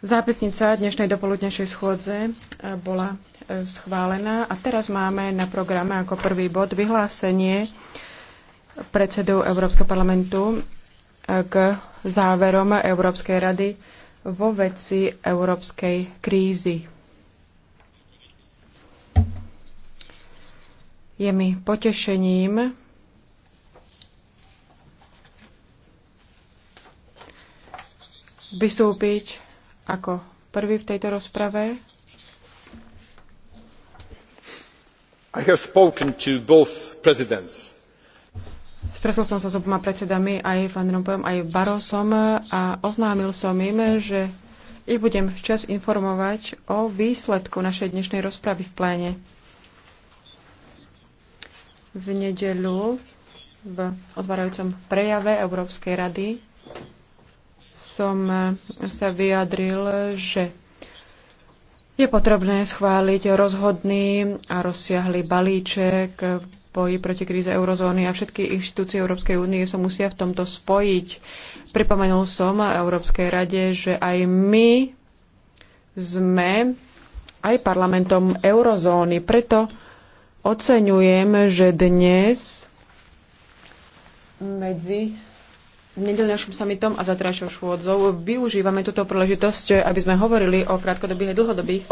Zápisnica dnešnej dopoludnejšej schôdze eh, bola eh, schválená a teraz máme na programe ako prvý bod vyhlásenie predsedu Európskeho parlamentu eh, k záverom Európskej rady vo veci európskej krízy. Je mi potešením vystúpiť ako prvý v tejto rozprave. I have spoken to both presidents. Stretol som sa s oboma predsedami, aj Van Rompuyom, aj Barosom a oznámil som im, že ich budem včas informovať o výsledku našej dnešnej rozpravy v pléne. V nedelu, v otvárajúcom prejave Európskej rady som eh, sa vyjadril, že je potrebné schváliť rozhodný a rozsiahly balíček v boji proti kríze eurozóny a všetky inštitúcie Európskej únie sa musia v tomto spojiť. Pripomenul som Európskej rade, že aj my sme aj parlamentom eurozóny. Preto oceňujem, že dnes medzi nedelňašom samitom a zatrajšou švôdzou. využívame túto príležitosť, aby sme hovorili o krátkodobých a dlhodobých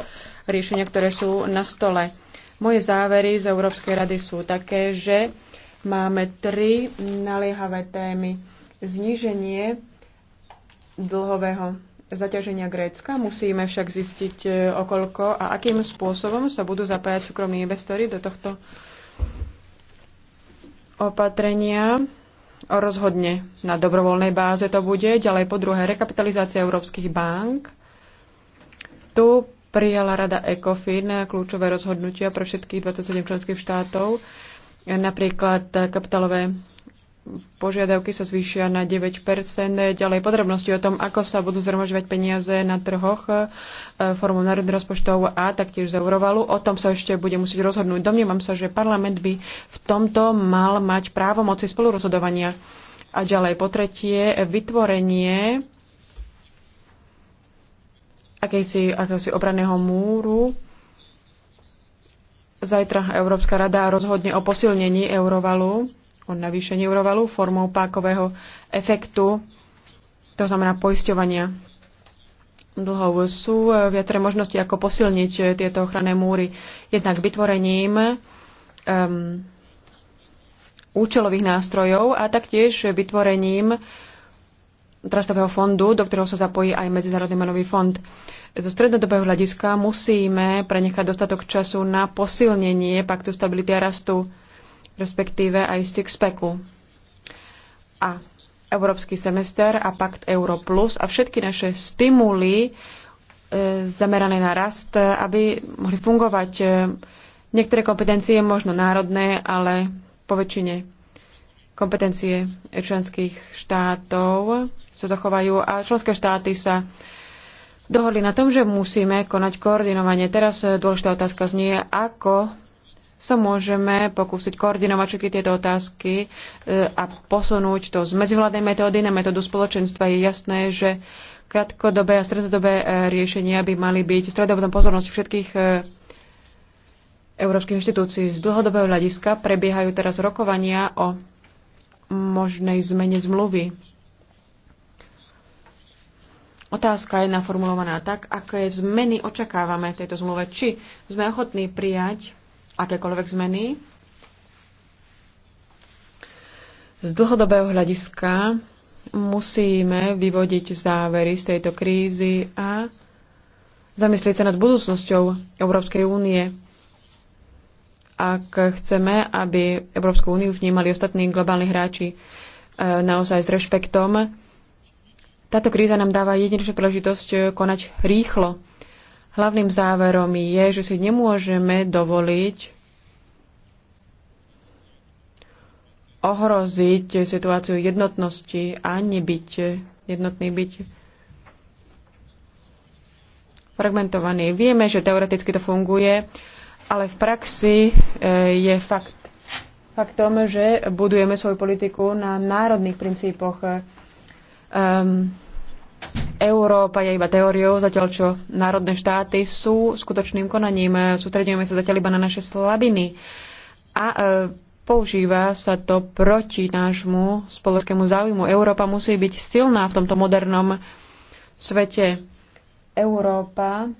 riešeniach, ktoré sú na stole. Moje závery z Európskej rady sú také, že máme tri naliehavé témy. Zníženie dlhového zaťaženia Grécka. Musíme však zistiť, e, okolko a akým spôsobom sa budú zapájať súkromní investori do tohto opatrenia Rozhodne na dobrovoľnej báze to bude. Ďalej po druhé, rekapitalizácia európskych bank. Tu prijala Rada ECOFIN kľúčové rozhodnutia pre všetkých 27 členských štátov, napríklad kapitalové požiadavky sa zvýšia na 9 Ďalej podrobnosti o tom, ako sa budú zhromažďovať peniaze na trhoch e, formou národných rozpočtov a taktiež z eurovalu. O tom sa ešte bude musieť rozhodnúť. Domnievam sa, že parlament by v tomto mal mať právo moci spolurozhodovania. A ďalej po tretie, vytvorenie akejsi, akéhosi obraného múru Zajtra Európska rada rozhodne o posilnení eurovalu o navýšení eurovalu formou pákového efektu, to znamená poisťovania dlhov. Sú viaceré možnosti, ako posilniť tieto ochranné múry. Jednak vytvorením um, účelových nástrojov a taktiež vytvorením trastového fondu, do ktorého sa zapojí aj Medzinárodný menový fond. Zo strednodobého hľadiska musíme prenechať dostatok času na posilnenie paktu stability a rastu respektíve aj Sixpacku. A Európsky semester a Pakt Euro Plus a všetky naše stimuly e, zamerané na rast, aby mohli fungovať. E, niektoré kompetencie možno národné, ale po väčšine kompetencie členských štátov sa zachovajú a členské štáty sa dohodli na tom, že musíme konať koordinovanie. Teraz dôležitá otázka znie, ako sa môžeme pokúsiť koordinovať všetky tieto otázky e, a posunúť to z medzivládnej metódy na metódu spoločenstva. Je jasné, že krátkodobé a stredodobé e, riešenia by mali byť stredobodom pozornosti všetkých e, európskych inštitúcií. Z dlhodobého hľadiska prebiehajú teraz rokovania o možnej zmene zmluvy. Otázka je naformulovaná tak, aké zmeny očakávame v tejto zmluve. Či sme ochotní prijať akékoľvek zmeny. Z dlhodobého hľadiska musíme vyvodiť závery z tejto krízy a zamyslieť sa nad budúcnosťou Európskej únie. Ak chceme, aby Európsku úniu vnímali ostatní globálni hráči e, naozaj s rešpektom, táto kríza nám dáva jedinečnú príležitosť konať rýchlo Hlavným záverom je, že si nemôžeme dovoliť ohroziť situáciu jednotnosti a nebyť jednotný byť fragmentovaný. Vieme, že teoreticky to funguje, ale v praxi e, je fakt, faktom, že budujeme svoju politiku na národných princípoch. Um, Európa je iba teóriou, zatiaľ čo národné štáty sú skutočným konaním. Sústredujeme sa zatiaľ iba na naše slabiny. A e, používa sa to proti nášmu spoločnému záujmu. Európa musí byť silná v tomto modernom svete. Európa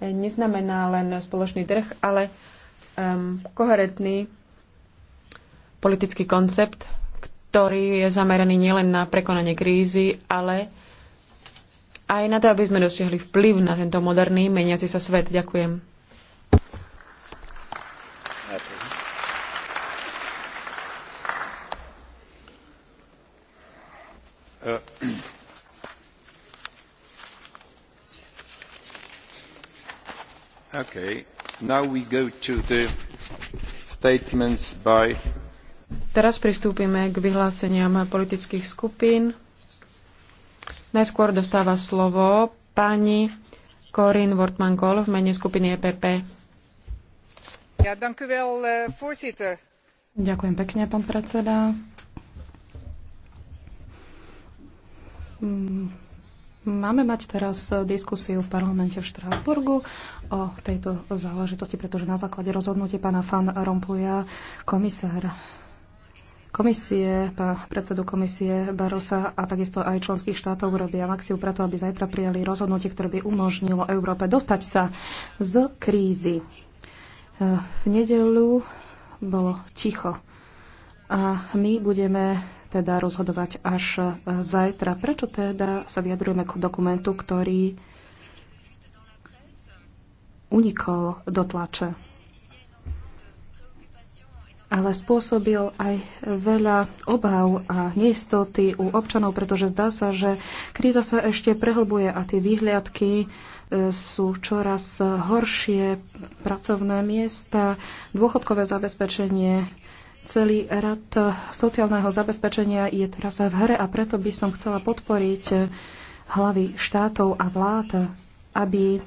e, neznamená len spoločný trh, ale um, koherentný politický koncept, ktorý je zameraný nielen na prekonanie krízy, ale aj na to, aby sme dosiahli vplyv na tento moderný, meniaci sa svet. Ďakujem. Uh, okay. Now we go to the statements by... Teraz pristúpime k vyhláseniam politických skupín. Najskôr dostáva slovo pani Corin wortmann kol v mene skupiny EPP. Ja, wel, eh, Ďakujem pekne, pán predseda. Mm, máme mať teraz diskusiu v parlamente v Štrásburgu o tejto záležitosti, pretože na základe rozhodnutia pána Fan Rompuja komisár komisie, predsedu komisie Barosa a takisto aj členských štátov robia maxiu preto, aby zajtra prijali rozhodnutie, ktoré by umožnilo Európe dostať sa z krízy. E, v nedelu bolo ticho a my budeme teda rozhodovať až e, zajtra. Prečo teda sa vyjadrujeme k dokumentu, ktorý unikol do tlače? ale spôsobil aj veľa obav a neistoty u občanov, pretože zdá sa, že kríza sa ešte prehlbuje a tie výhľadky e, sú čoraz horšie pracovné miesta, dôchodkové zabezpečenie, celý rad sociálneho zabezpečenia je teraz v hre a preto by som chcela podporiť hlavy štátov a vlád, aby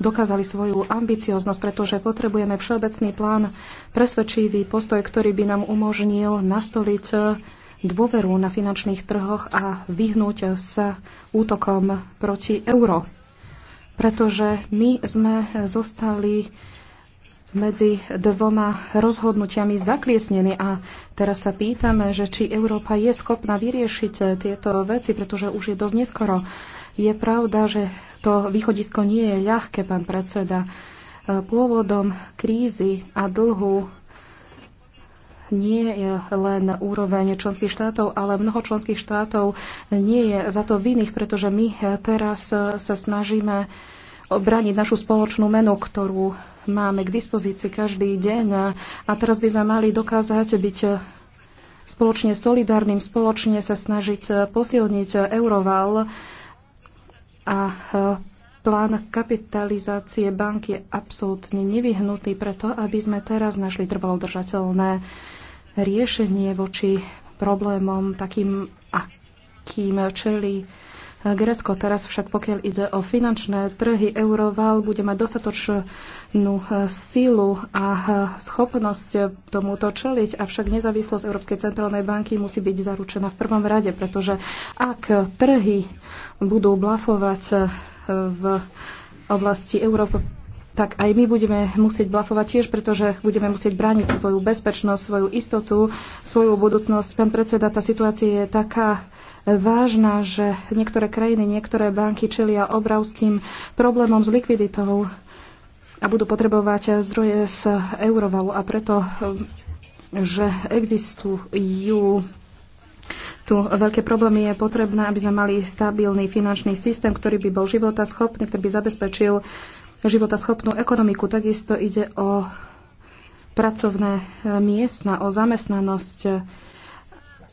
dokázali svoju ambicioznosť, pretože potrebujeme všeobecný plán, presvedčivý postoj, ktorý by nám umožnil nastoliť dôveru na finančných trhoch a vyhnúť sa útokom proti euro. Pretože my sme zostali medzi dvoma rozhodnutiami zakliesnení a teraz sa pýtame, že či Európa je schopná vyriešiť tieto veci, pretože už je dosť neskoro. Je pravda, že to východisko nie je ľahké, pán predseda. E, pôvodom krízy a dlhu nie je len úroveň členských štátov, ale mnoho členských štátov nie je za to vinných, pretože my teraz sa snažíme obrániť našu spoločnú menu, ktorú máme k dispozícii každý deň. A teraz by sme mali dokázať byť spoločne solidárnym, spoločne sa snažiť posilniť euroval a e, plán kapitalizácie bank je absolútne nevyhnutý preto, aby sme teraz našli trvalo držateľné riešenie voči problémom takým, akým čeli Grécko teraz však, pokiaľ ide o finančné trhy, euroval bude mať dostatočnú e, sílu a e, schopnosť e, tomuto čeliť, avšak nezávislosť Európskej centrálnej banky musí byť zaručená v prvom rade, pretože ak trhy budú blafovať v oblasti Európy, tak aj my budeme musieť blafovať tiež, pretože budeme musieť brániť svoju bezpečnosť, svoju istotu, svoju budúcnosť. Pán predseda, tá situácia je taká vážna, že niektoré krajiny, niektoré banky čelia obrovským problémom s likviditou a budú potrebovať zdroje z eurovalu a preto že existujú tu veľké problémy je potrebné, aby sme mali stabilný finančný systém, ktorý by bol životaschopný, ktorý by zabezpečil životaschopnú ekonomiku. Takisto ide o pracovné miestna, o zamestnanosť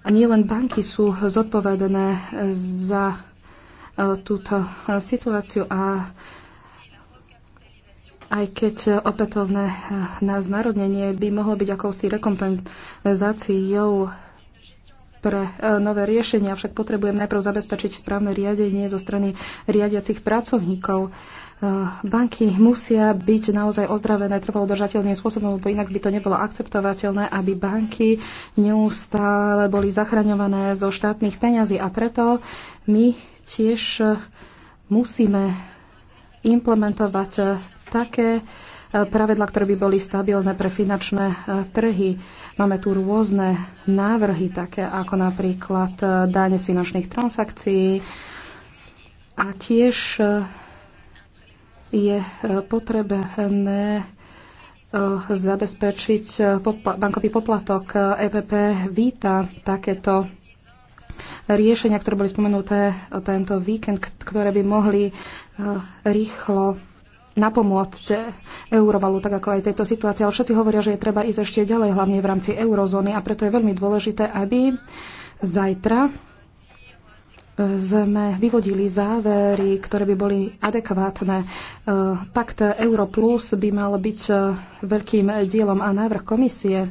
a nie len banky sú zodpovedané za e, túto e, situáciu a aj keď opätovné e, nás by mohlo byť akousi rekompenzáciou pre nové riešenia, však potrebujem najprv zabezpečiť správne riadenie zo strany riadiacich pracovníkov. Eh, banky musia byť naozaj ozdravené trvalo držateľným spôsobom, lebo inak by to nebolo akceptovateľné, aby banky neustále boli zachraňované zo štátnych peňazí. A preto my tiež eh, musíme implementovať eh, také pravidla, ktoré by boli stabilné pre finančné trhy. Máme tu rôzne návrhy, také ako napríklad dáne z finančných transakcií a tiež je eh, potrebné eh, zabezpečiť eh, bankový poplatok. EPP e víta takéto riešenia, ktoré boli spomenuté tento víkend, ktoré by mohli rýchlo napomôcť eurovalu, tak ako aj tejto situácii. Ale všetci hovoria, že je treba ísť ešte ďalej, hlavne v rámci eurozóny. A preto je veľmi dôležité, aby zajtra sme vyvodili závery, ktoré by boli adekvátne. E, Pakt Euro Plus by mal byť e, veľkým dielom a návrh komisie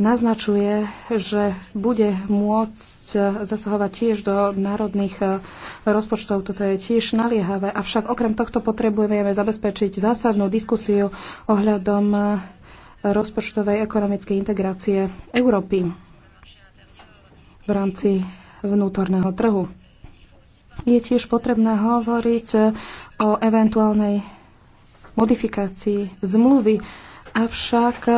naznačuje, že bude môcť e, zasahovať tiež do národných rozpočtov. Toto je tiež naliehavé. Avšak okrem tohto potrebujeme zabezpečiť zásadnú diskusiu ohľadom rozpočtovej ekonomickej integrácie Európy v rámci vnútorného trhu. Je tiež potrebné hovoriť o eventuálnej modifikácii zmluvy, avšak eh,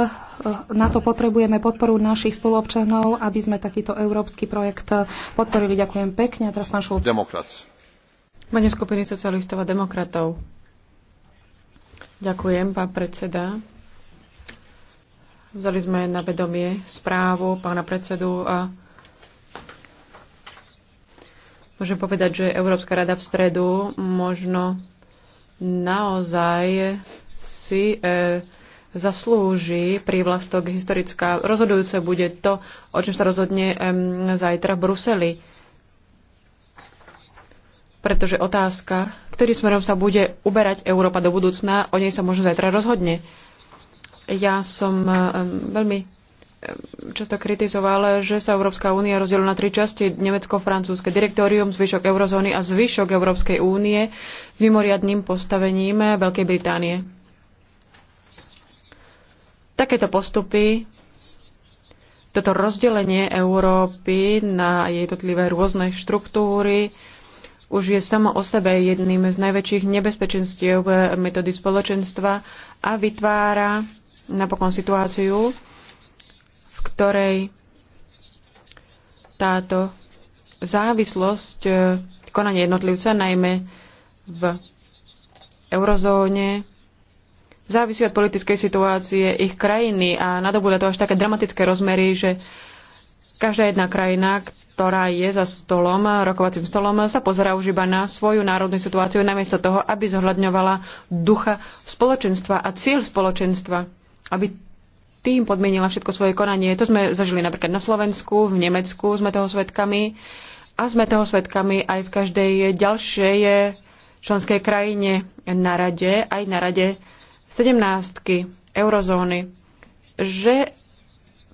na to potrebujeme podporu našich spoluobčanov, aby sme takýto európsky projekt podporili. Ďakujem pekne. A teraz pán Šulc. Demokrat. Mene skupiny socialistov a demokratov. Ďakujem, pán predseda. Vzali sme na vedomie správu pána predsedu a Môžem povedať, že Európska rada v stredu možno naozaj si e, zaslúži prívlastok historická. Rozhodujúce bude to, o čom sa rozhodne zajtra v Bruseli. Pretože otázka, ktorým smerom sa bude uberať Európa do budúcna, o nej sa možno zajtra rozhodne. Ja som veľmi často kritizoval, že sa Európska únia rozdelila na tri časti, Nemecko-Francúzske direktórium, zvyšok eurozóny a zvyšok Európskej únie s mimoriadným postavením Veľkej Británie. Takéto postupy, toto rozdelenie Európy na jednotlivé rôzne štruktúry, už je samo o sebe jedným z najväčších nebezpečenstiev metódy spoločenstva a vytvára napokon situáciu, ktorej táto závislosť e, konania jednotlivca, najmä v eurozóne, závisí od politickej situácie ich krajiny a nadobúda to až také dramatické rozmery, že každá jedna krajina, ktorá je za stolom, rokovacím stolom, sa pozerá už iba na svoju národnú situáciu, namiesto toho, aby zohľadňovala ducha spoločenstva a cieľ spoločenstva, aby tým podmienila všetko svoje konanie. To sme zažili napríklad na Slovensku, v Nemecku sme toho svetkami a sme toho svetkami aj v každej ďalšej členskej krajine na rade, aj na rade 17 eurozóny, že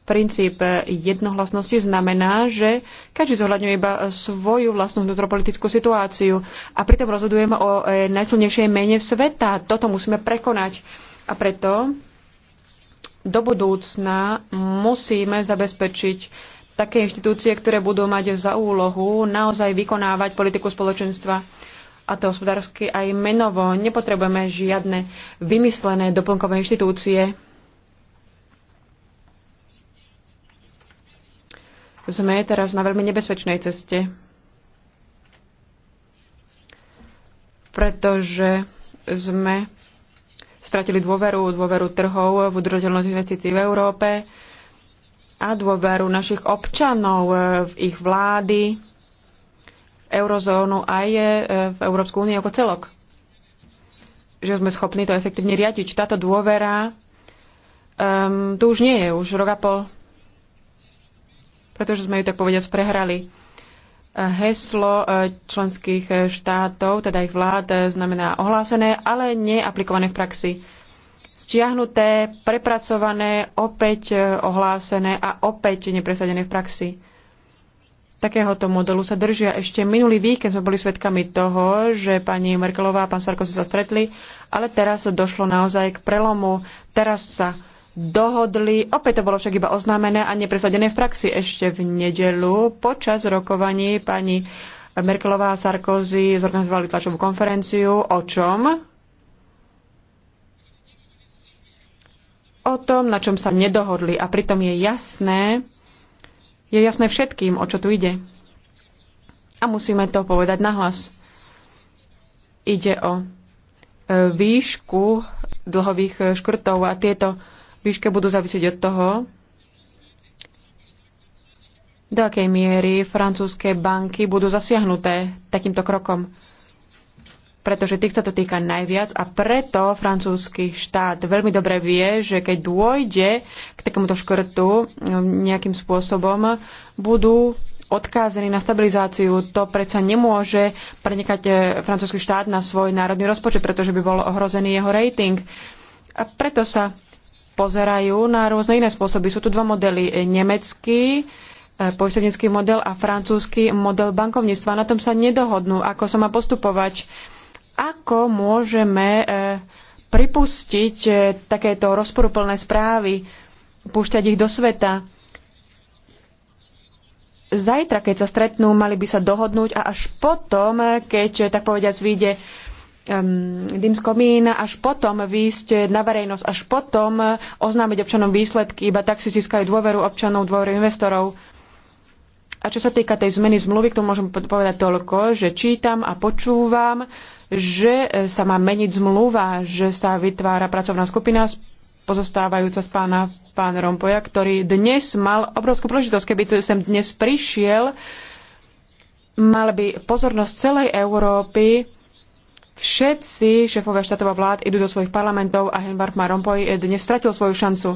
princíp jednohlasnosti znamená, že každý zohľadňuje iba svoju vlastnú vnútropolitickú situáciu a pritom rozhodujeme o e, najsilnejšej mene sveta. Toto musíme prekonať. A preto do budúcna musíme zabezpečiť také inštitúcie, ktoré budú mať za úlohu naozaj vykonávať politiku spoločenstva a to hospodársky aj menovo. Nepotrebujeme žiadne vymyslené doplnkové inštitúcie. Sme teraz na veľmi nebezpečnej ceste, pretože sme stratili dôveru, dôveru trhov v udržateľnosť investícií v Európe a dôveru našich občanov e, v ich vlády, v eurozónu aj e, v Európsku úniu ako celok. Že sme schopní to efektívne riadiť. Táto dôvera um, tu už nie je, už rok a pol. Pretože sme ju tak povediať prehrali Heslo e, členských e, štátov, teda ich vlád, e, znamená ohlásené, ale neaplikované v praxi. Stiahnuté, prepracované, opäť ohlásené a opäť nepresadené v praxi. Takéhoto modelu sa držia. Ešte minulý víkend sme boli svedkami toho, že pani Merkelová a pán Sarkozy sa stretli, ale teraz došlo naozaj k prelomu. Teraz sa dohodli. Opäť to bolo však iba oznámené a nepresadené v praxi. Ešte v nedelu počas rokovaní pani Merkelová a Sarkozy zorganizovali tlačovú konferenciu. O čom? O tom, na čom sa nedohodli. A pritom je jasné, je jasné všetkým, o čo tu ide. A musíme to povedať nahlas. Ide o e, výšku dlhových škrtov a tieto výške budú závisieť od toho, do akej miery francúzske banky budú zasiahnuté takýmto krokom. Pretože tých sa to týka najviac a preto francúzsky štát veľmi dobre vie, že keď dôjde k takémuto škrtu um, nejakým spôsobom, budú odkázaní na stabilizáciu. To predsa nemôže prenikať eh, francúzsky štát na svoj národný rozpočet, pretože by bol ohrozený jeho rating. A preto sa pozerajú na rôzne iné spôsoby. Sú tu dva modely. E, nemecký e, poistovnícky model a francúzsky model bankovníctva. Na tom sa nedohodnú, ako sa má postupovať. Ako môžeme e, pripustiť takéto rozporuplné správy, púšťať ich do sveta? Zajtra, keď sa stretnú, mali by sa dohodnúť a až potom, keď, tak povediať, vyjde um, dym komín, až potom výjsť na verejnosť, až potom eh, oznámiť občanom výsledky, iba tak si získajú dôveru občanov, dôveru investorov. A čo sa týka tej zmeny zmluvy, k tomu môžem povedať toľko, že čítam a počúvam, že eh, sa má meniť zmluva, že sa vytvára pracovná skupina pozostávajúca z pána pán Rompoja, ktorý dnes mal obrovskú príležitosť, keby sem dnes prišiel, mal by pozornosť celej Európy Všetci šéfovia štátov a vlád idú do svojich parlamentov a Henbark Marompoy Rompuy dnes stratil svoju šancu.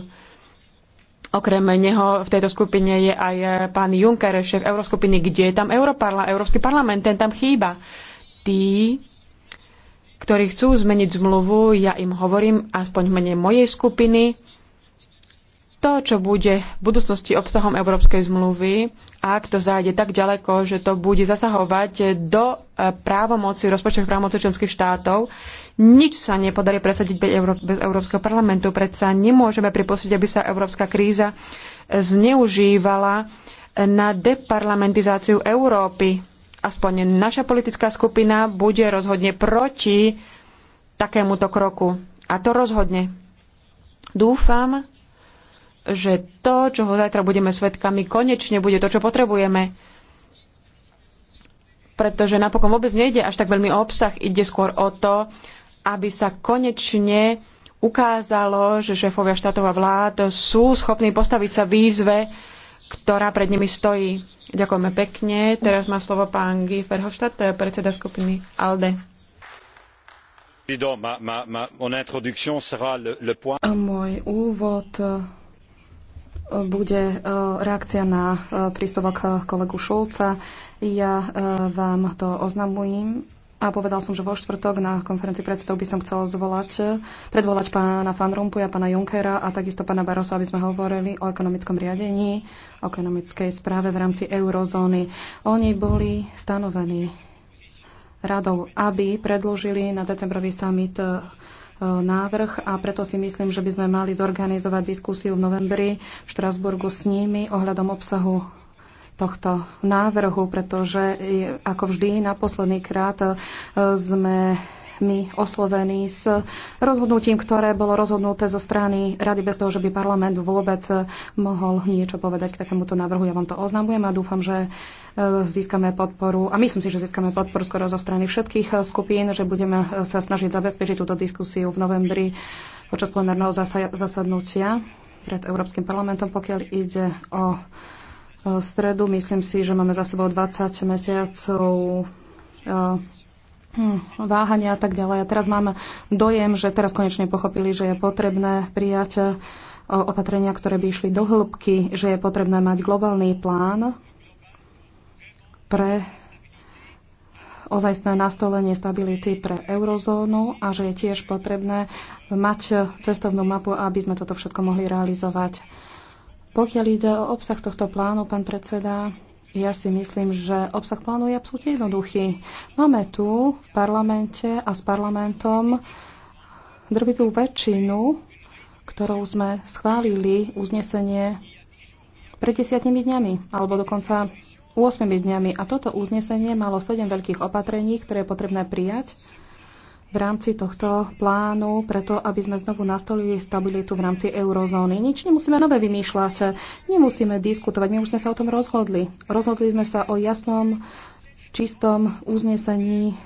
Okrem neho v tejto skupine je aj pán Juncker, šéf Euroskupiny. Kde je tam Europarla, Európsky parlament? Ten tam chýba. Tí, ktorí chcú zmeniť zmluvu, ja im hovorím, aspoň v mene mojej skupiny, to, čo bude v budúcnosti obsahom Európskej zmluvy, ak to zájde tak ďaleko, že to bude zasahovať do e, právomoci, rozpočtových právomoci členských štátov, nič sa nepodarí presadiť bez, Európskeho parlamentu. Predsa nemôžeme pripustiť, aby sa európska kríza e, zneužívala e, na deparlamentizáciu Európy. Aspoň naša politická skupina bude rozhodne proti takémuto kroku. A to rozhodne. Dúfam, že to, čo ho zajtra budeme svetkami, konečne bude to, čo potrebujeme. Pretože napokon vôbec nejde až tak veľmi o obsah, ide skôr o to, aby sa konečne ukázalo, že šéfovia štátov a vlád sú schopní postaviť sa výzve, ktorá pred nimi stojí. Ďakujeme pekne. Teraz má slovo pán Guy Verhofstadt, predseda skupiny ALDE. Môj úvod bude e, reakcia na e, príspevok kolegu Šulca. Ja e, vám to oznamujem a povedal som, že vo štvrtok na konferencii predsedov by som chcel zvolať, predvolať pána Fan Rumpuja, pána Junkera a takisto pána Barosa, aby sme hovorili o ekonomickom riadení, o ekonomickej správe v rámci eurozóny. Oni boli stanovení radou, aby predložili na decembrový summit E, návrh a preto si myslím, že by sme mali zorganizovať diskusiu v novembri v Štrasburgu s nimi ohľadom obsahu tohto návrhu, pretože e, ako vždy na posledný krát e, sme my oslovení s rozhodnutím, ktoré bolo rozhodnuté zo strany rady bez toho, že by parlament vôbec mohol niečo povedať k takémuto návrhu. Ja vám to oznamujem a dúfam, že e, získame podporu, a myslím si, že získame podporu skoro zo strany všetkých e, skupín, že budeme e, sa snažiť zabezpečiť túto diskusiu v novembri počas plenárneho zasadnutia pred Európskym parlamentom, pokiaľ ide o stredu. Myslím si, že máme za sebou 20 mesiacov Hm, váhania a tak ďalej. A teraz mám dojem, že teraz konečne pochopili, že je potrebné prijať e, opatrenia, ktoré by išli do hĺbky, že je potrebné mať globálny plán pre ozajstné nastolenie stability pre eurozónu a že je tiež potrebné mať cestovnú mapu, aby sme toto všetko mohli realizovať. Pokiaľ ide o obsah tohto plánu, pán predseda, ja si myslím, že obsah plánu je absolútne jednoduchý. Máme tu v parlamente a s parlamentom drvivú väčšinu, ktorou sme schválili uznesenie pred desiatimi dňami, alebo dokonca 8 dňami. A toto uznesenie malo 7 veľkých opatrení, ktoré je potrebné prijať v rámci tohto plánu, preto aby sme znovu nastolili stabilitu v rámci eurozóny. Nič nemusíme nové vymýšľať, nemusíme diskutovať, my už sme sa o tom rozhodli. Rozhodli sme sa o jasnom, čistom uznesení,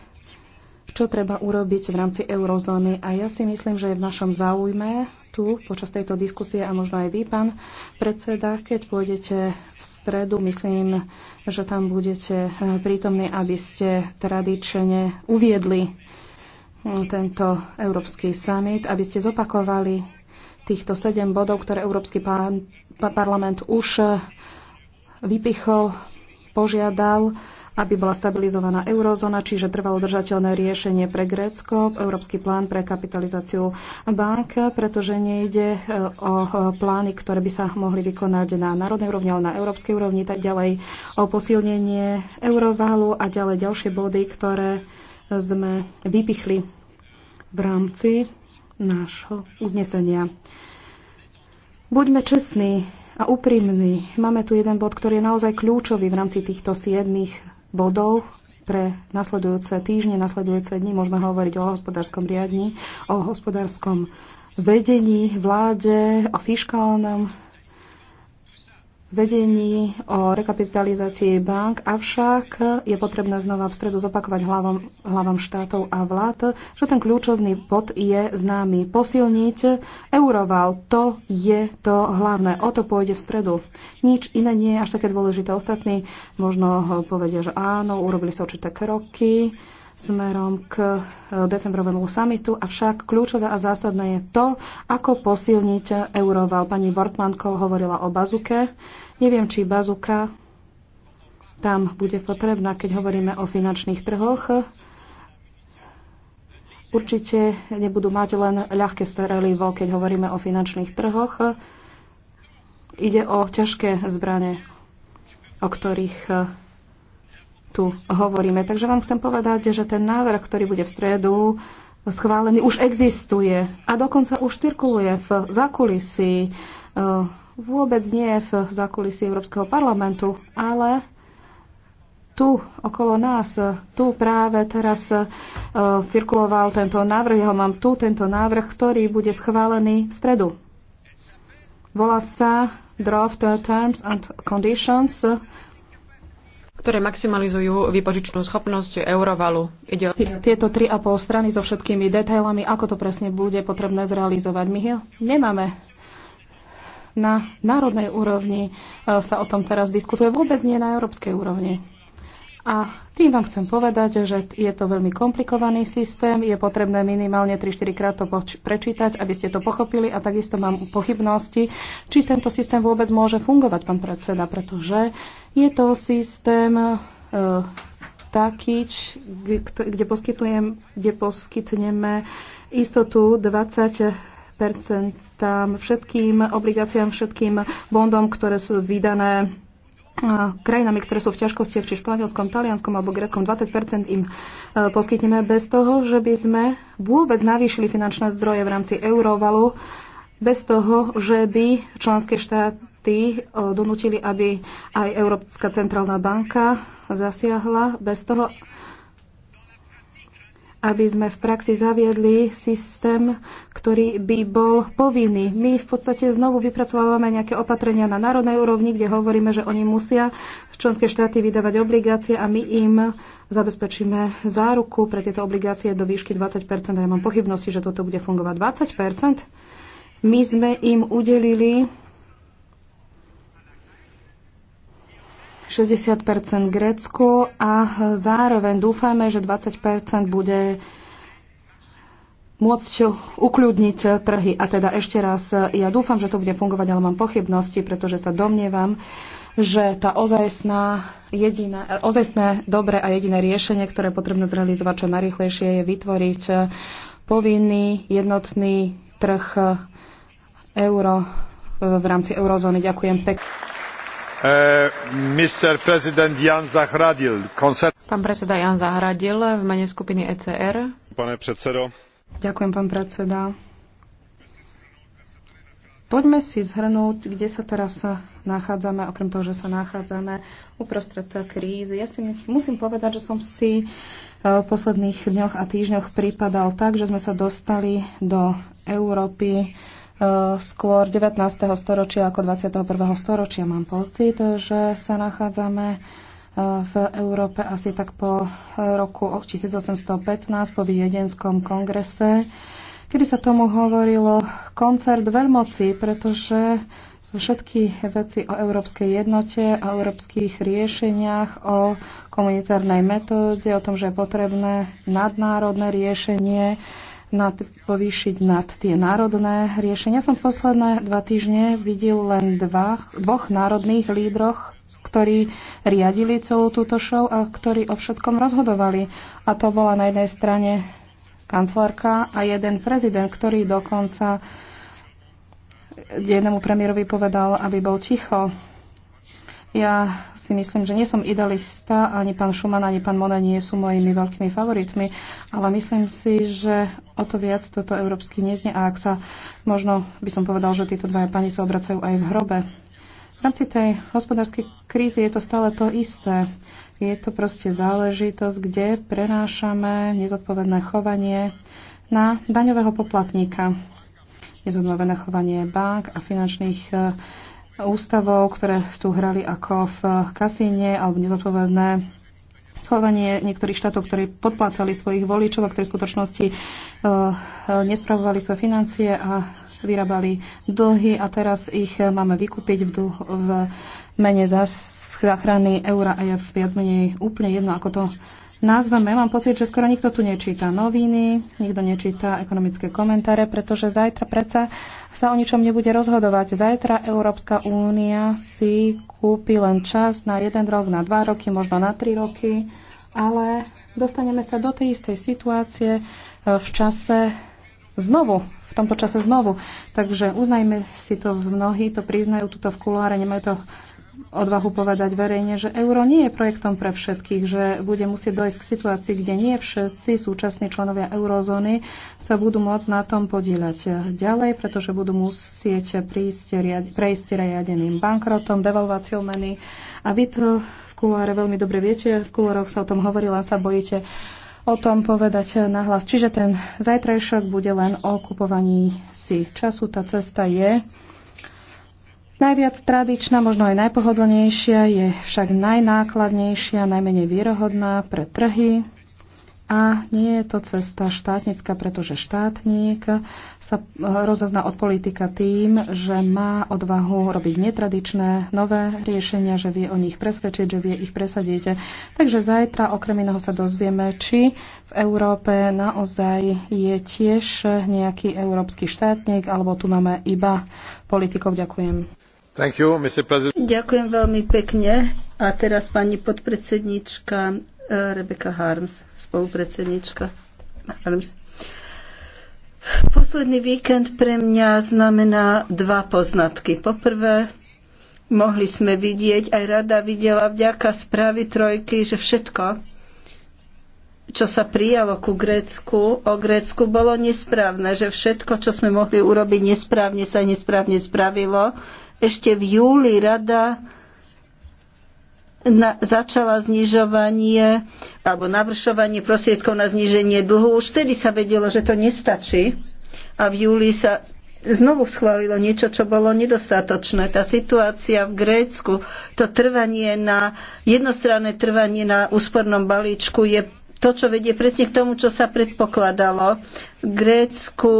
čo treba urobiť v rámci eurozóny. A ja si myslím, že je v našom záujme tu počas tejto diskusie a možno aj vy, pán predseda, keď pôjdete v stredu, myslím, že tam budete prítomní, aby ste tradične uviedli tento Európsky summit, aby ste zopakovali týchto sedem bodov, ktoré Európsky parlament už eh, vypichol, požiadal, aby bola stabilizovaná eurozóna, čiže trvalo držateľné riešenie pre Grécko, európsky plán pre kapitalizáciu bank, pretože nejde eh, o eh, plány, ktoré by sa mohli vykonať na národnej úrovni, ale na európskej úrovni, tak ďalej o posilnenie eurovalu a ďalej ďalšie body, ktoré sme vypichli v rámci nášho uznesenia. Buďme čestní a úprimní. Máme tu jeden bod, ktorý je naozaj kľúčový v rámci týchto siedmých bodov pre nasledujúce týždne, nasledujúce dni. Môžeme hovoriť o hospodárskom riadni, o hospodárskom vedení, vláde, o fiškálnom vedení o rekapitalizácii bank, avšak je potrebné znova v stredu zopakovať hlavom, hlavom štátov a vlád, že ten kľúčovný bod je známy. Posilniť euroval, to je to hlavné. O to pôjde v stredu. Nič iné nie je až také dôležité. Ostatní možno povedia, že áno, urobili sa určité kroky, smerom k e, decembrovému samitu, avšak kľúčové a zásadné je to, ako posilniť euroval. Pani Bortmanko hovorila o bazuke. Neviem, či bazuka tam bude potrebná, keď hovoríme o finančných trhoch. Určite nebudú mať len ľahké strelivo, keď hovoríme o finančných trhoch. Ide o ťažké zbranie, o ktorých e, tu hovoríme. Takže vám chcem povedať, že ten návrh, ktorý bude v stredu schválený, už existuje a dokonca už cirkuluje v zákulisí. E, vôbec nie v zákulisí Európskeho parlamentu, ale tu okolo nás, tu práve teraz uh, cirkuloval tento návrh, ja mám tu, tento návrh, ktorý bude schválený v stredu. Volá sa Draft Terms and Conditions ktoré maximalizujú výpožičnú schopnosť eurovalu. Ide o... Tieto 3,5 strany so všetkými detailami, ako to presne bude potrebné zrealizovať. My nemáme na národnej úrovni e, sa o tom teraz diskutuje, vôbec nie na európskej úrovni. A tým vám chcem povedať, že je to veľmi komplikovaný systém, je potrebné minimálne 3-4 krát to prečítať, aby ste to pochopili a takisto mám pochybnosti, či tento systém vôbec môže fungovať, pán predseda, pretože je to systém e, taký, kde, poskytujem, kde poskytneme istotu 20 všetkým obligáciám, všetkým bondom, ktoré sú vydané krajinami, ktoré sú v ťažkostiach, či španielskom, talianskom alebo greckom, 20 im e, poskytneme bez toho, že by sme vôbec navýšili finančné zdroje v rámci eurovalu, bez toho, že by členské štáty e, donútili, aby aj Európska centrálna banka zasiahla, bez toho, aby sme v praxi zaviedli systém, ktorý by bol povinný. My v podstate znovu vypracovávame nejaké opatrenia na národnej úrovni, kde hovoríme, že oni musia členské štáty vydávať obligácie a my im zabezpečíme záruku pre tieto obligácie do výšky 20 a ja mám pochybnosti, že toto bude fungovať 20 My sme im udelili 60 Grécku a zároveň dúfame, že 20 bude môcť ukľudniť trhy. A teda ešte raz, ja dúfam, že to bude fungovať, ale mám pochybnosti, pretože sa domnievam, že tá ozajstná jediné, ozajstné dobré a jediné riešenie, ktoré je potrebné zrealizovať čo najrychlejšie, je vytvoriť povinný jednotný trh euro v rámci eurozóny. Ďakujem pekne. E, pán predseda Jan Zahradil v mene skupiny ECR. Pane predsedo. Ďakujem, pán predseda. Poďme si zhrnúť, kde sa teraz nachádzame, okrem toho, že sa nachádzame uprostred krízy. Ja si musím povedať, že som si e, v posledných dňoch a týždňoch pripadal tak, že sme sa dostali do Európy Eh, skôr 19. storočia ako 21. storočia. Mám pocit, že sa nachádzame eh, v Európe asi tak po roku 1815 po Viedenskom kongrese, kedy sa tomu hovorilo koncert veľmoci, pretože všetky veci o európskej jednote, o európskych riešeniach, o komunitárnej metóde, o tom, že je potrebné nadnárodné riešenie, nad, povýšiť nad tie národné riešenia. Som posledné dva týždne videl len dva, dvoch národných lídroch, ktorí riadili celú túto show a ktorí o všetkom rozhodovali. A to bola na jednej strane kancelárka a jeden prezident, ktorý dokonca jednému premiérovi povedal, aby bol ticho. Ja si myslím, že nie som idealista, ani pán Šuman, ani pán Mona nie sú mojimi veľkými favoritmi, ale myslím si, že o to viac toto európsky neznie a ak sa možno by som povedal, že títo dvaja pani sa obracajú aj v hrobe. V rámci tej hospodárskej krízy je to stále to isté. Je to proste záležitosť, kde prenášame nezodpovedné chovanie na daňového poplatníka. Nezodpovedné chovanie bank a finančných eh, ústavov, ktoré tu hrali ako v kasíne alebo nezodpovedné chovanie niektorých štátov, ktorí podplácali svojich voličov a ktorí v skutočnosti e, nespravovali svoje financie a vyrábali dlhy a teraz ich máme vykúpiť v, v mene záchrany eura a je viac menej úplne jedno, ako to nazveme, mám pocit, že skoro nikto tu nečíta noviny, nikto nečíta ekonomické komentáre, pretože zajtra predsa sa o ničom nebude rozhodovať. Zajtra Európska únia si kúpi len čas na jeden rok, na dva roky, možno na tri roky, ale dostaneme sa do tej istej situácie e, v čase znovu, v tomto čase znovu. Takže uznajme si to, mnohí to priznajú tuto v kuláre, nemajú to odvahu povedať verejne, že euro nie je projektom pre všetkých, že bude musieť dojsť k situácii, kde nie všetci súčasní členovia eurozóny sa budú môcť na tom podieľať ďalej, pretože budú musieť prísť, prejsť riadeným bankrotom, devalváciou meny. A vy to v kuloáre veľmi dobre viete, v kuloároch sa o tom hovorí, len sa bojíte o tom povedať nahlas. Čiže ten zajtrajšok bude len o kupovaní si času. Tá cesta je Najviac tradičná, možno aj najpohodlnejšia, je však najnákladnejšia, najmenej výrohodná pre trhy a nie je to cesta štátnická, pretože štátnik sa eh, rozozná od politika tým, že má odvahu robiť netradičné, nové riešenia, že vie o nich presvedčiť, že vie ich presadiť. Takže zajtra okrem iného sa dozvieme, či v Európe naozaj je tiež nejaký európsky štátnik, alebo tu máme iba politikov. Ďakujem. You, Ďakujem veľmi pekne. A teraz pani podpredsednička eh, Rebecca Harms, spolupredsednička Harms. Posledný víkend pre mňa znamená dva poznatky. Poprvé, mohli sme vidieť, aj rada videla vďaka správy trojky, že všetko, čo sa prijalo ku Grécku, o Grécku bolo nesprávne, že všetko, čo sme mohli urobiť nesprávne, sa nesprávne spravilo. Ešte v júli rada na, začala znižovanie alebo navršovanie prostriedkov na zníženie dlhu. Už vtedy sa vedelo, že to nestačí. A v júli sa znovu schválilo niečo, čo bolo nedostatočné. Tá situácia v Grécku, to trvanie na, jednostranné trvanie na úspornom balíčku je to, čo vedie presne k tomu, čo sa predpokladalo. V Grécku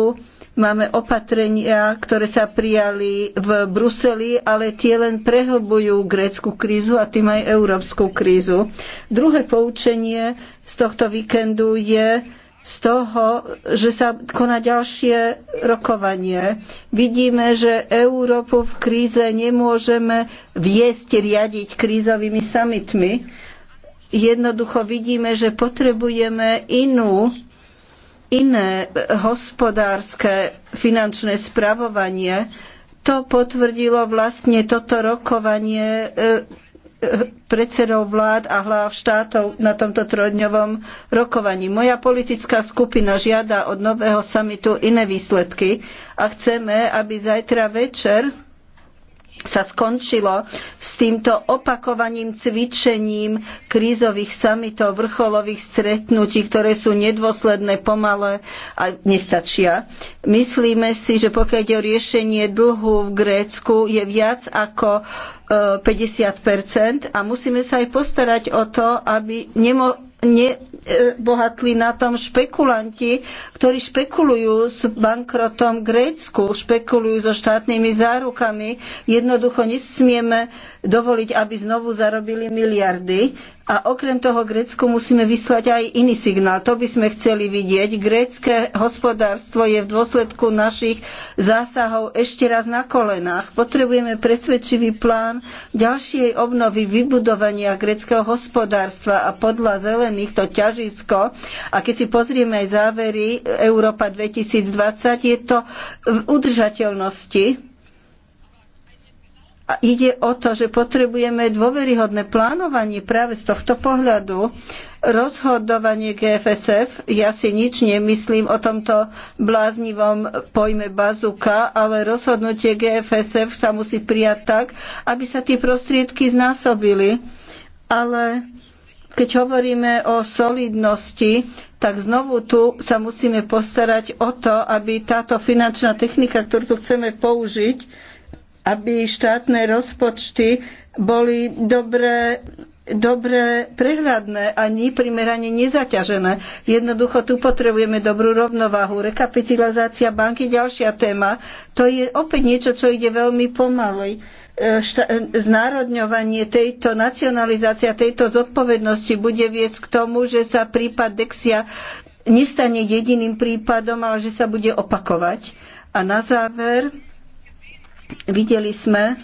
máme opatrenia, ktoré sa prijali v Bruseli, ale tie len prehlbujú grécku krízu a tým aj európsku krízu. Druhé poučenie z tohto víkendu je, z toho, že sa koná ďalšie rokovanie. Vidíme, že Európu v kríze nemôžeme viesť riadiť krízovými samitmi. Jednoducho vidíme, že potrebujeme inú, iné hospodárske finančné spravovanie. To potvrdilo vlastne toto rokovanie e, e, predsedov vlád a hlav štátov na tomto trojdňovom rokovaní. Moja politická skupina žiada od nového samitu iné výsledky a chceme, aby zajtra večer sa skončilo s týmto opakovaním cvičením krízových samitov, vrcholových stretnutí, ktoré sú nedôsledné, pomalé a nestačia. Myslíme si, že pokiaľ ide o riešenie dlhu v Grécku, je viac ako e, 50 a musíme sa aj postarať o to, aby nemo, nebohatli na tom špekulanti, ktorí špekulujú s bankrotom Grécku, špekulujú so štátnymi zárukami. Jednoducho nesmieme dovoliť, aby znovu zarobili miliardy. A okrem toho Grécku musíme vyslať aj iný signál. To by sme chceli vidieť. Grécke hospodárstvo je v dôsledku našich zásahov ešte raz na kolenách. Potrebujeme presvedčivý plán ďalšej obnovy vybudovania gréckeho hospodárstva a podľa zelených to ťažisko. A keď si pozrieme aj závery Európa 2020, je to v udržateľnosti a ide o to, že potrebujeme dôveryhodné plánovanie práve z tohto pohľadu. Rozhodovanie GFSF, ja si nič nemyslím o tomto bláznivom pojme bazuka, ale rozhodnutie GFSF sa musí prijať tak, aby sa tie prostriedky znásobili. Ale keď hovoríme o solidnosti, tak znovu tu sa musíme postarať o to, aby táto finančná technika, ktorú tu chceme použiť, aby štátne rozpočty boli dobre dobre prehľadné a neprimerane nezaťažené. Jednoducho tu potrebujeme dobrú rovnováhu. Rekapitalizácia banky, ďalšia téma. To je opäť niečo, čo ide veľmi pomaly. E, e, znárodňovanie tejto nacionalizácia, tejto zodpovednosti bude viesť k tomu, že sa prípad Dexia nestane jediným prípadom, ale že sa bude opakovať. A na záver, Videli sme,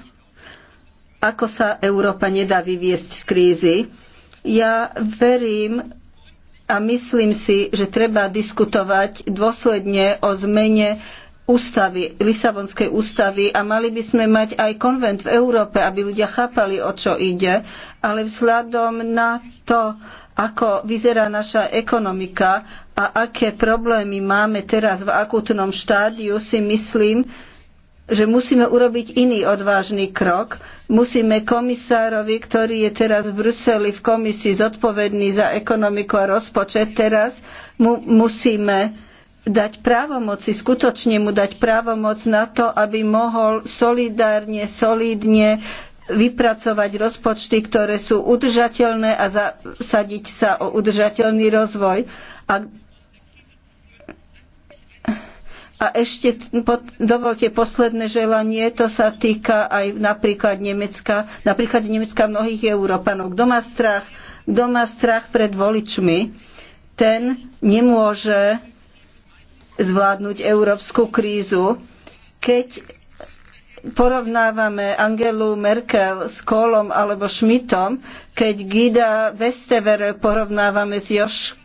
ako sa Európa nedá vyviesť z krízy. Ja verím a myslím si, že treba diskutovať dôsledne o zmene ústavy, Lisabonskej ústavy a mali by sme mať aj konvent v Európe, aby ľudia chápali, o čo ide, ale vzhľadom na to, ako vyzerá naša ekonomika a aké problémy máme teraz v akútnom štádiu, si myslím, že musíme urobiť iný odvážny krok. Musíme komisárovi, ktorý je teraz v Bruseli v komisii zodpovedný za ekonomiku a rozpočet, teraz mu musíme dať právomoci, skutočne mu dať právomoc na to, aby mohol solidárne, solídne vypracovať rozpočty, ktoré sú udržateľné a zasadiť sa o udržateľný rozvoj. A a ešte dovolte posledné želanie, to sa týka aj napríklad Nemecka, napríklad Nemecka mnohých Európanov. Kto má strach, kto má strach pred voličmi, ten nemôže zvládnuť európsku krízu. Keď porovnávame Angelu Merkel s Kolom alebo Schmidtom, keď Gida Vestevere porovnávame s Joškom,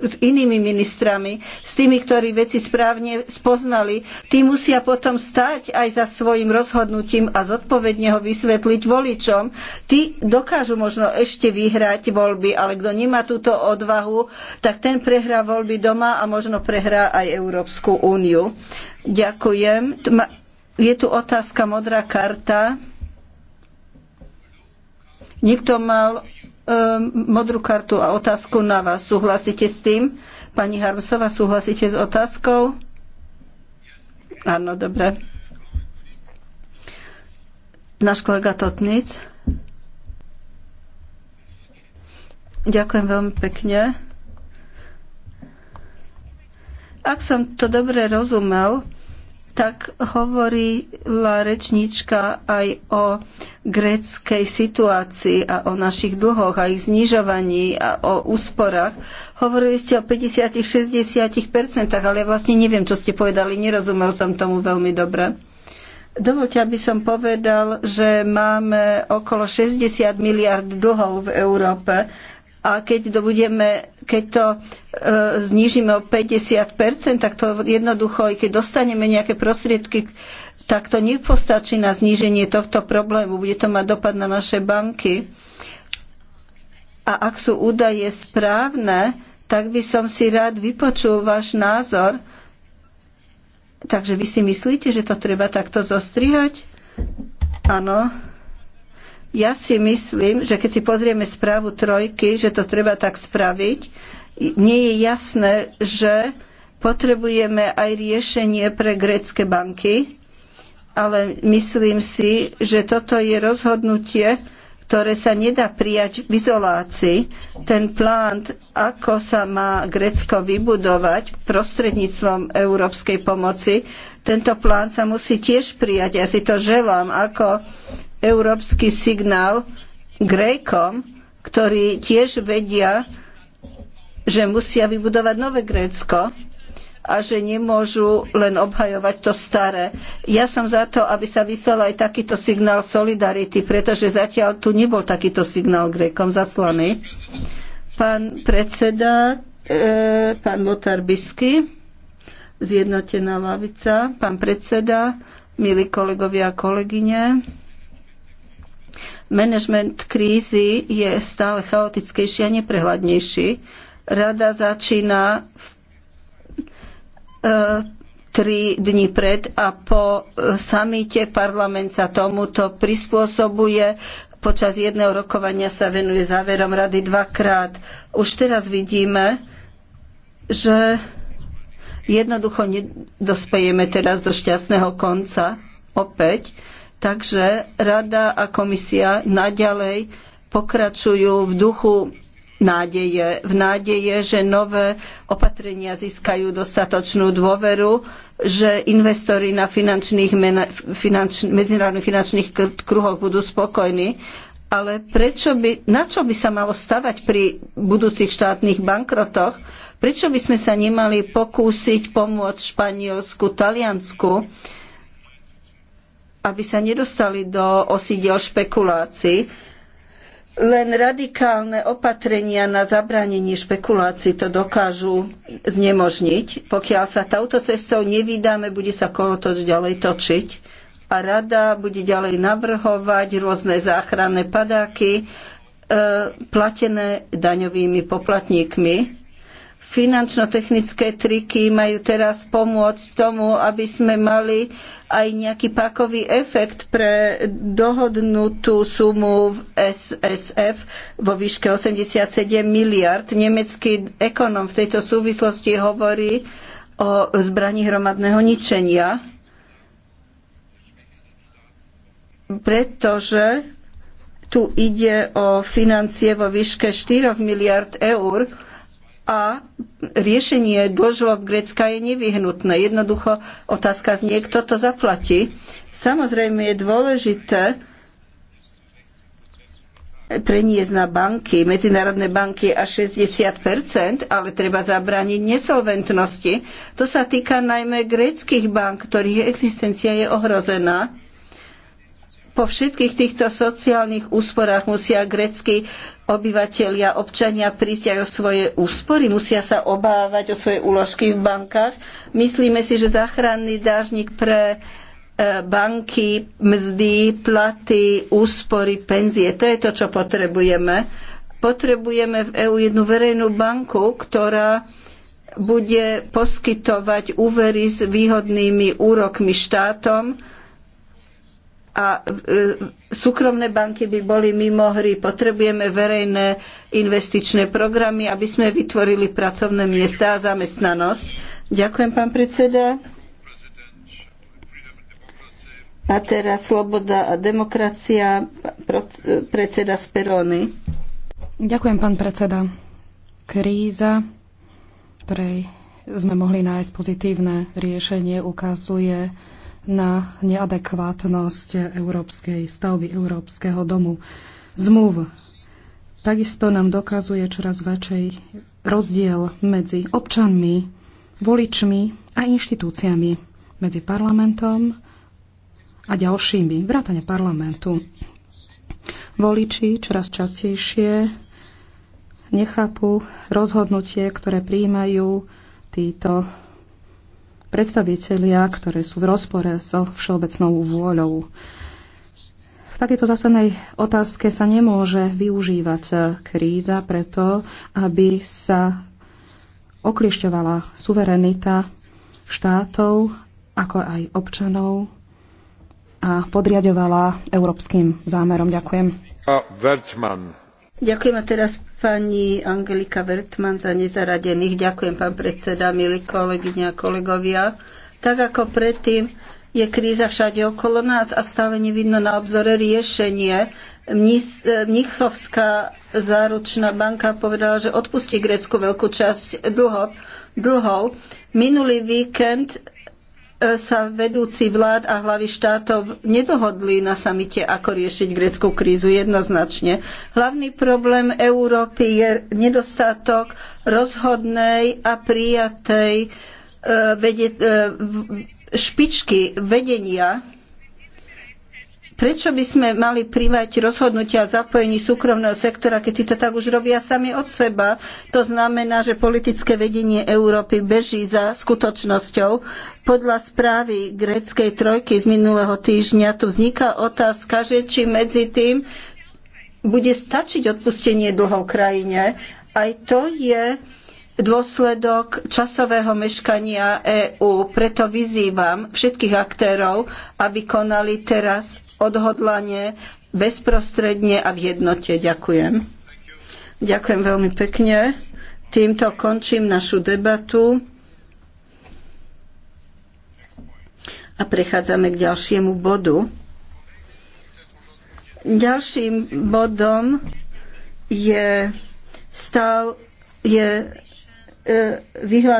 s inými ministrami, s tými, ktorí veci správne spoznali. Tí musia potom stať aj za svojim rozhodnutím a zodpovedne ho vysvetliť voličom. Tí dokážu možno ešte vyhrať voľby, ale kto nemá túto odvahu, tak ten prehrá voľby doma a možno prehrá aj Európsku úniu. Ďakujem. Je tu otázka modrá karta. Niekto mal Ehm, modrú kartu a otázku na vás. Súhlasíte s tým? Pani Harmsová, súhlasíte s otázkou? Áno, dobre. Náš kolega Totnic. Ďakujem veľmi pekne. Ak som to dobre rozumel, tak hovorila rečníčka aj o gréckej situácii a o našich dlhoch a ich znižovaní a o úsporách. Hovorili ste o 50-60%, ale ja vlastne neviem, čo ste povedali, nerozumel som tomu veľmi dobre. Dovolte, aby som povedal, že máme okolo 60 miliard dlhov v Európe a keď to, budeme, keď to e, znížime o 50%, tak to jednoducho, aj keď dostaneme nejaké prostriedky, tak to nepostačí na zníženie tohto problému. Bude to mať dopad na naše banky. A ak sú údaje správne, tak by som si rád vypočul váš názor. Takže vy si myslíte, že to treba takto zostrihať? Áno. Ja si myslím, že keď si pozrieme správu trojky, že to treba tak spraviť, nie je jasné, že potrebujeme aj riešenie pre grécke banky, ale myslím si, že toto je rozhodnutie, ktoré sa nedá prijať v izolácii. Ten plán, ako sa má Grécko vybudovať prostredníctvom európskej pomoci, tento plán sa musí tiež prijať. Ja si to želám ako európsky signál Grékom, ktorí tiež vedia, že musia vybudovať nové Grécko a že nemôžu len obhajovať to staré. Ja som za to, aby sa vyslal aj takýto signál solidarity, pretože zatiaľ tu nebol takýto signál Grékom zaslaný. Pán predseda, e, pán Lotar Bisky, zjednotená lavica, pán predseda, milí kolegovia a kolegyne. Management krízy je stále chaotickejší a neprehľadnejší. Rada začína e, tri dni pred a po e, samite parlament sa tomuto prispôsobuje. Počas jedného rokovania sa venuje záverom rady dvakrát. Už teraz vidíme, že jednoducho nedospejeme teraz do šťastného konca opäť Takže Rada a komisia naďalej pokračujú v duchu nádeje, v nádeje, že nové opatrenia získajú dostatočnú dôveru, že investori na finančných, finanč, medzinárodných finančných kruhoch budú spokojní. Ale prečo by, na čo by sa malo stavať pri budúcich štátnych bankrotoch? Prečo by sme sa nemali pokúsiť pomôcť Španielsku, Taliansku? aby sa nedostali do osídiel špekulácií. Len radikálne opatrenia na zabránenie špekulácií to dokážu znemožniť. Pokiaľ sa touto cestou nevydáme, bude sa kolotoč ďalej točiť a rada bude ďalej navrhovať rôzne záchranné padáky e, platené daňovými poplatníkmi Finančno-technické triky majú teraz pomôcť tomu, aby sme mali aj nejaký pákový efekt pre dohodnutú sumu v SSF vo výške 87 miliard. Nemecký ekonom v tejto súvislosti hovorí o zbraní hromadného ničenia, pretože tu ide o financie vo výške 4 miliard eur a riešenie dlžob Grécka je nevyhnutné. Jednoducho otázka znie, kto to zaplatí. Samozrejme je dôležité preniesť na banky, medzinárodné banky až 60 ale treba zabrániť nesolventnosti. To sa týka najmä gréckých bank, ktorých existencia je ohrozená. Po všetkých týchto sociálnych úsporách musia grécki obyvatelia, občania prísť aj o svoje úspory, musia sa obávať o svoje úložky v bankách. Myslíme si, že záchranný dážnik pre e, banky, mzdy, platy, úspory, penzie. To je to, čo potrebujeme. Potrebujeme v EÚ jednu verejnú banku, ktorá bude poskytovať úvery s výhodnými úrokmi štátom, a e, súkromné banky by boli mimo hry. Potrebujeme verejné investičné programy, aby sme vytvorili pracovné miesta a zamestnanosť. Ďakujem, pán predseda. A teraz sloboda a demokracia, predseda Sperony. Ďakujem, pán predseda. Kríza, ktorej sme mohli nájsť pozitívne riešenie, ukazuje, na neadekvátnosť európskej stavby Európskeho domu zmluv. Takisto nám dokazuje čoraz väčšej rozdiel medzi občanmi, voličmi a inštitúciami, medzi parlamentom a ďalšími, vrátane parlamentu. Voliči čoraz častejšie nechápu rozhodnutie, ktoré príjmajú títo predstavitelia, ktoré sú v rozpore so všeobecnou vôľou. V takejto zásadnej otázke sa nemôže využívať kríza preto, aby sa okliešťovala suverenita štátov, ako aj občanov a podriadovala európskym zámerom. Ďakujem. Ďakujem a teraz pani Angelika Vertman za nezaradených. Ďakujem, pán predseda, milí kolegyňa a kolegovia. Tak ako predtým, je kríza všade okolo nás a stále nevidno na obzore riešenie. E, Mnichovská záručná banka povedala, že odpustí Grécku veľkú časť dlhov. Minulý víkend sa vedúci vlád a hlavy štátov nedohodli na samite, ako riešiť greckú krízu jednoznačne. Hlavný problém Európy je nedostatok rozhodnej a prijatej eh, eh, špičky vedenia Prečo by sme mali privať rozhodnutia o zapojení súkromného sektora, keď to tak už robia sami od seba? To znamená, že politické vedenie Európy beží za skutočnosťou. Podľa správy gréckej trojky z minulého týždňa tu vzniká otázka, že či medzi tým bude stačiť odpustenie dlhov krajine. Aj to je dôsledok časového meškania EÚ. Preto vyzývam všetkých aktérov, aby konali teraz odhodlane, bezprostredne a v jednote. Ďakujem. Ďakujem veľmi pekne. Týmto končím našu debatu a prechádzame k ďalšiemu bodu. Ďalším bodom je stav je e, vyhlásenie